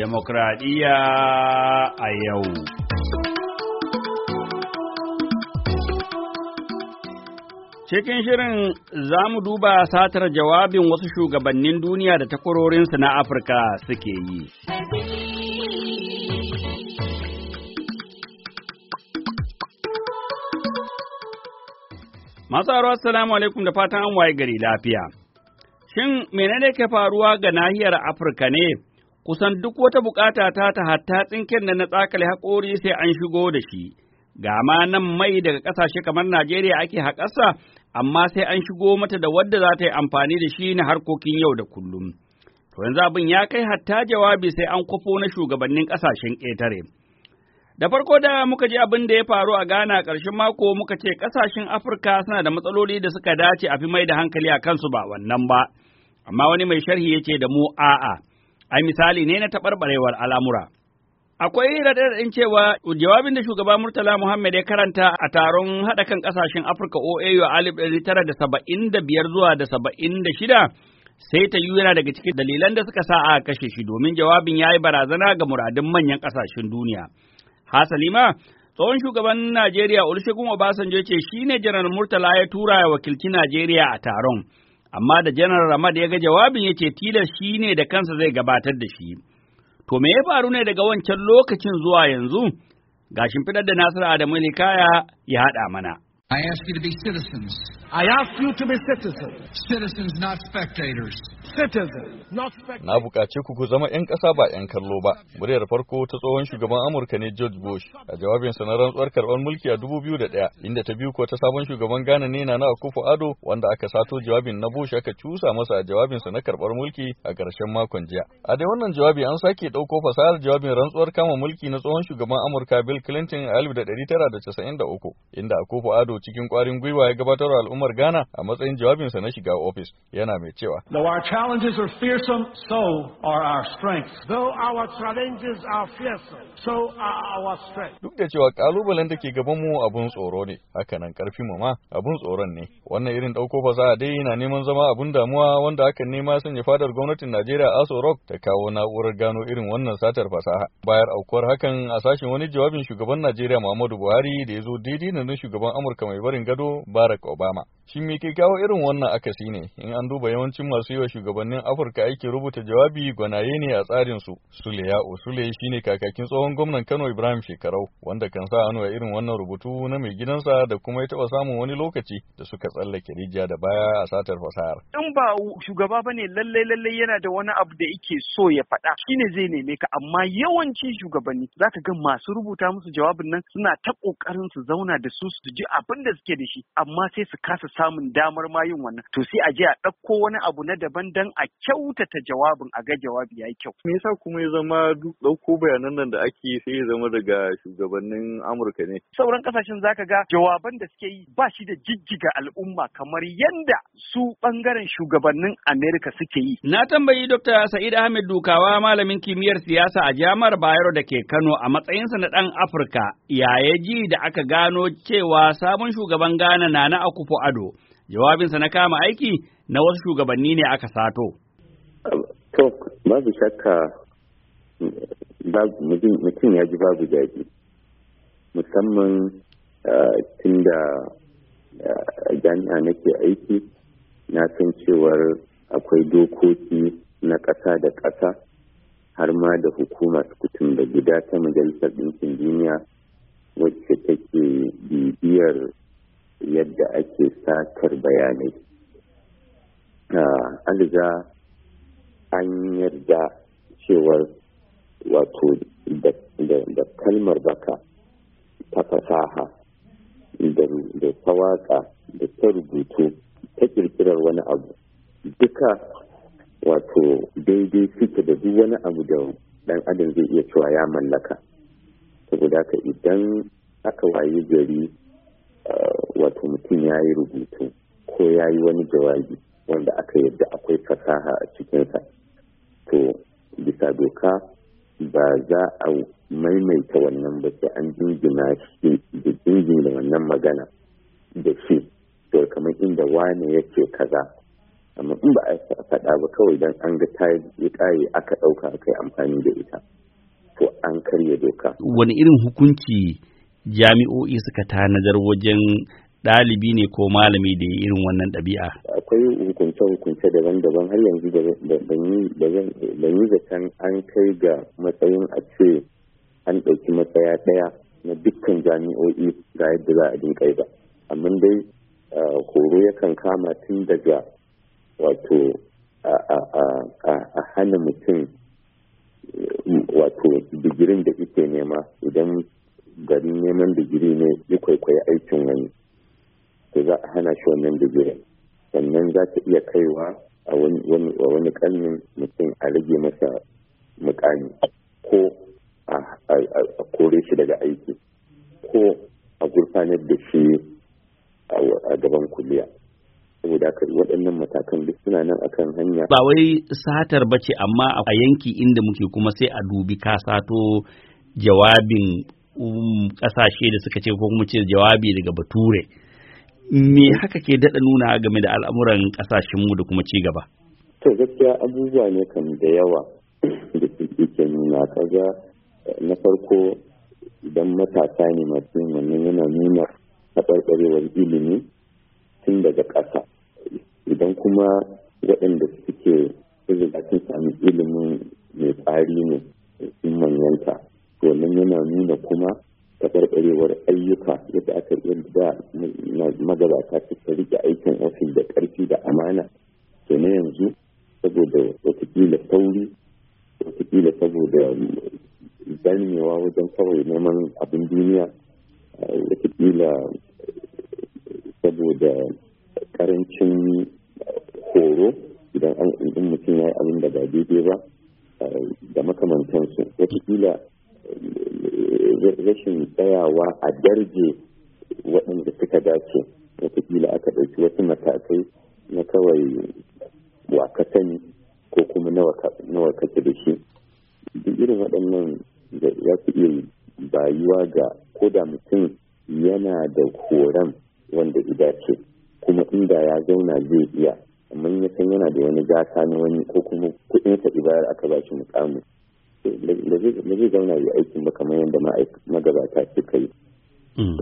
Demokradiyya a yau. Cikin shirin za mu duba satar jawabin wasu shugabannin duniya da takwarorinsu na Afirka suke yi. Masu haro assalamu alaikum da fatan an waye gari lafiya. Shin menene ke faruwa ga nahiyar Afirka ne? kusan duk wata bukata ta ta hatta tsinken da na tsakale haƙori sai an shigo da shi, ga nan mai daga ƙasashe kamar Najeriya ake haƙasa, amma sai an shigo mata da wadda za ta yi amfani da shi na harkokin yau da kullum. To yanzu abin ya kai hatta jawabi sai an kwafo na shugabannin ƙasashen ƙetare. Da farko da muka ji abin da ya faru a Ghana ƙarshen mako muka ce ƙasashen Afirka suna da matsaloli da suka dace a fi mai da hankali a kansu ba wannan ba, amma wani mai sharhi ya ce da mu a'a. A misali ne na taɓarɓarewar al'amura. Akwai raɗaɗin cewa jawabin da shugaba Murtala Muhammad ya karanta a taron haɗa kan ƙasashen Afirka OAU a alif ɗari tara da saba'in da biyar zuwa da saba'in da shida sai ta yi yana daga cikin dalilan da suka sa a kashe shi domin jawabin ya yi barazana ga muradin manyan ƙasashen duniya. Hasali ma tsohon shugaban Najeriya Olusegun Obasanjo ce shi ne Janar Murtala ya tura ya wakilci Najeriya a taron. amma da janar Ramad ya ga jawabin ya ce tilas shi ne da kansa zai gabatar da shi. To me ya faru ne daga wancan lokacin zuwa yanzu? Ga shimfiɗar da Nasiru Adamu Likaya ya haɗa mana. I ask you to be citizens I ask you to be citizens. Citizens, not spectators. Na buƙace ku ku zama 'yan ƙasa ba 'yan kallo ba. Muryar farko ta tsohon shugaban Amurka ne George Bush a jawabinsa na rantsuwar karɓar mulki a 2001 inda ta biyu ko ta sabon shugaban Ghana ne na Akufo Ado wanda aka sato jawabin na Bush aka cusa masa a jawabinsa na karɓar mulki a ƙarshen makon jiya. A dai wannan jawabi an sake ɗauko fasahar jawabin rantsuwar kama mulki na tsohon shugaban Amurka Bill Clinton a 1993 inda Akufo Ado cikin ƙwarin gwiwa ya gabatar wa al'umma al'ummar Ghana a matsayin jawabinsa na shiga ofis yana mai cewa. Though our challenges are fearsome, so are our strengths. Though our challenges are fearsome, so are our strengths. Duk da cewa kalubalen da ke gaban mu abun tsoro ne, hakanan karfi mu ma abun tsoron ne. Wannan irin dauko fasaha dai yana neman zama abun damuwa wanda hakan nema sanya fadar gwamnatin Najeriya Aso Rock ta kawo na'urar gano irin wannan satar fasaha. Bayar aukuwar hakan a sashen wani jawabin shugaban Najeriya Muhammadu Buhari da ya zo daidai na shugaban Amurka mai barin gado Barack Obama. Shi me ke kawo irin wannan akasi ne in an duba yawancin masu yiwa shugabannin Afirka aiki rubuta jawabi gwanaye ne a tsarin su. Sule Ya'o Sule shine kakakin tsohon gwamnan Kano Ibrahim Shekarau wanda kan sa hannu a irin wannan rubutu na mai gidansa da kuma ya taba samun wani lokaci da suka tsallake rijiya da baya a satar fasahar. In ba shugaba ba ne lallai lallai yana da wani abu da yake so ya faɗa shine zai neme ka amma yawancin shugabanni zaka ga masu rubuta musu jawabin nan suna ta kokarin su zauna da su su ji abin da suke da shi amma sai su kasa Masa samun damar ma yin wannan to sai a je a ɗauko wani abu na daban dan a kyautata jawabin a ga jawabi yayi kyau me yasa kuma ya zama duk ɗauko bayanan nan da ake sai ya zama daga shugabannin Amurka ne sauran kasashen zaka ga jawaban da suke yi ba shi da jijjiga al'umma kamar yadda su bangaren shugabannin Amerika suke yi na tambayi Dr. Sa'id Ahmed Dukawa malamin kimiyyar siyasa a Jami'ar Bayero da ke Kano a matsayinsa na ɗan Afirka ya ji da aka gano cewa sabon shugaban Ghana na na Akufo ado jawabinsa na kama aiki na wasu shugabanni ne aka sato to babu shakka mutum ya ji babu jaji, musamman tun da jami'a nake aiki na san cewar akwai dokoki na ƙasa da ƙasa har ma da hukumar kutun da gida ta majalisar ɗinkin duniya wacce take bibiyar yadda ake satar bayanai ah, an riga an yarda cewar wato da kalmar baka ta fasaha da ta waka da ta rubutu ta kirkirar wani abu duka wato daidai suke da duk wani abu da dan adam zai iya cewa ya mallaka saboda haka idan aka waye gari ah, wato mutum ya yi rubutu ko ya yi wani jawabi wanda aka yadda akwai fasaha a cikinsa to bisa doka ba za a maimaita wannan ba sai an jingina shi da jingina wannan magana da shi to kamar inda wane ya ce kaza amma in ba a faɗa ba kawai dan an ga ta yi ƙaye aka ɗauka aka yi amfani da ita to an karya doka wani irin hukunci jami'o'i suka tanadar wajen Dalibi ne ko malami da ya irin wannan ɗabi'a akwai hukunce hukunce daban-daban har yanzu ban yi zaton an kai ga matsayin a ce an ɗauki matsaya ɗaya na dukkan jami'o'i ga yadda za a dinka ba amma dai horo yakan kama tun daga wato a hana mutum wato digirin da ike nema idan garin neman digiri ne ya kwaikwayi aikin wani to za a hana shi wannan bijirin sannan za ta iya kaiwa a wani kalmin mutum a rage masa mukami ko a kore shi daga aiki ko a gurfanar da shi a gaban kuliya saboda haka waɗannan matakan duk suna nan akan hanya ba wai satar ba ce amma a yanki inda muke kuma sai a dubi ka sato jawabin kasashe um, da suka ce ko kuma ce jawabi daga bature me haka ke daɗa nuna game da al'amuran ƙasashenmu da kuma ci gaba To gaskiya abubuwa ne kan da yawa da suke ke nuna kaga eh, na farko idan matasa ne masu yin wannan yana nuna taɓarɓarewar ilimi tun daga ƙasa idan kuma watakila sauri watakila saboda ganewa wajen kawai neman abin duniya eh, watakila saboda ƙarancin horo idan an mutum ya yi abin da ba daidai ba eh, da makamantansu watakila eh, rashin tsayawa a darje waɗanda suka dace watakila aka ɗauki wasu matakai na kawai wa ka sani ko kuma nawa kake da shi duk irin waɗannan ya fi iya bayuwa ga ko da mutum yana da horon wanda idace kuma inda ya zauna zai iya amma ya san yana da wani gata na wani ko kuma kuɗin sa ibayar aka ba shi mukamu da zai zauna ya aikin ba kamar yadda magabata suka yi mm.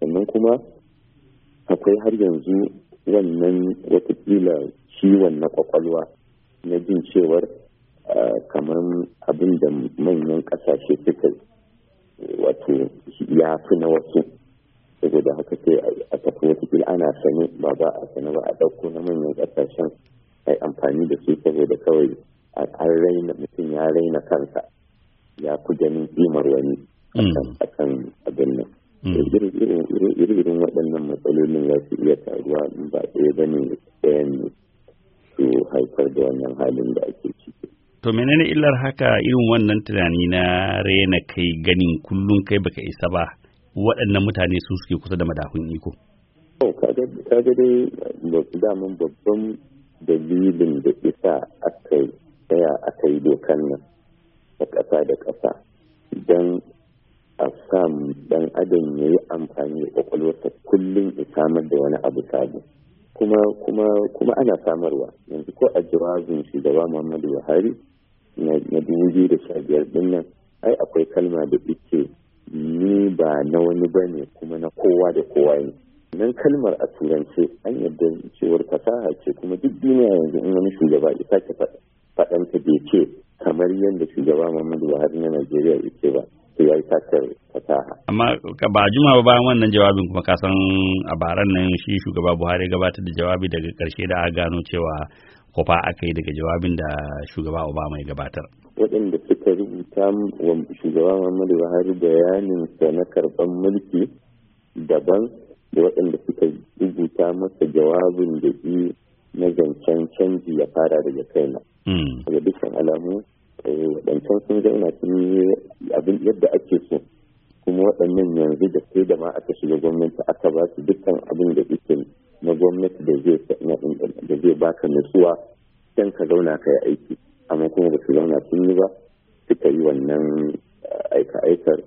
sannan kuma akwai har yanzu wannan watakila ciwon na kwakwalwa na jin cewar kamar abin da manyan kasashe suka wato ya fi na wasu saboda haka sai a tafi watakila ana sani ba ba a sani ba a ɗauko na manyan kasashen a amfani da su da kawai an raina mutum ya raina kansa ya fi ganin kimar wani hmm. akan abin nan Mm. irin waɗannan matsalolin za su iya taruwa in ba ɗaya ba ne ɗayan su haifar da wannan halin da ake ciki. To menene illar haka irin wannan tunani na rena kai ganin kullum kai baka isa ba waɗannan mutane su suke kusa da madafun iko. Ka ga dai daman babban dalilin da isa aka tsaya aka yi dokan nan da ƙasa da ƙasa don a sam dan adam ya yi amfani da kwakwalwarsa kullum ya samar da wani abu sabu kuma ana samarwa yanzu ko a jawabin shugaba muhammadu buhari na dubu biyu da sha biyar din nan ai akwai kalma da ita ni ba na wani ba ne kuma na kowa da kowa ne nan kalmar a turance an yadda cewar fasaha ce kuma duk duniya yanzu in wani shugaba ya sake faɗanta bai ce kamar yadda shugaba muhammadu buhari na najeriya ya ba ya yi ta fasaha. Amma ba juma ba bayan wannan jawabin kuma ka san a baran nan shi shugaba Buhari gabatar da jawabi daga karshe da aka gano cewa kofa aka yi daga jawabin da shugaba Obama ya gabatar. Waɗanda suka rubuta wa shugaba Muhammadu Buhari bayanin sa na karɓar mulki daban da waɗanda suka rubuta masa jawabin da na zancen canji ya fara daga kaina. Hmm. Daga dukkan alamu Eh, waɗancan sun zauna sun yi abin yadda ake so kuma waɗannan yanzu da sai da ma aka shiga gwamnati aka ba su dukkan abin da suke na gwamnati da zai da zai baka nutsuwa can ka zauna ka yi aiki amma kuma ba su zauna sun yi ba suka yi wannan eh, aika-aikar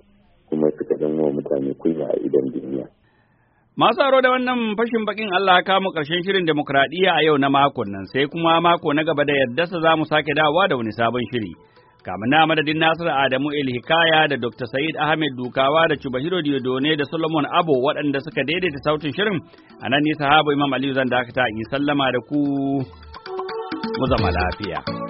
kuma suka zama mutane kunya a Masu aro da wannan fashin bakin Allah ka mu ƙarshen shirin demokradiyya a yau na makon nan sai kuma mako na gaba da yarda za mu sake dawowa da wani sabon shiri. Kamun na madadin Nasir Adamu Ilhikaya da Dr. Said Ahmed Dukawa da Chubahiro Diodone da Solomon Abo waɗanda suka daidaita sautin shirin a nan nisa habu Imam Aliyu zan dakata in sallama da ku mu zama lafiya.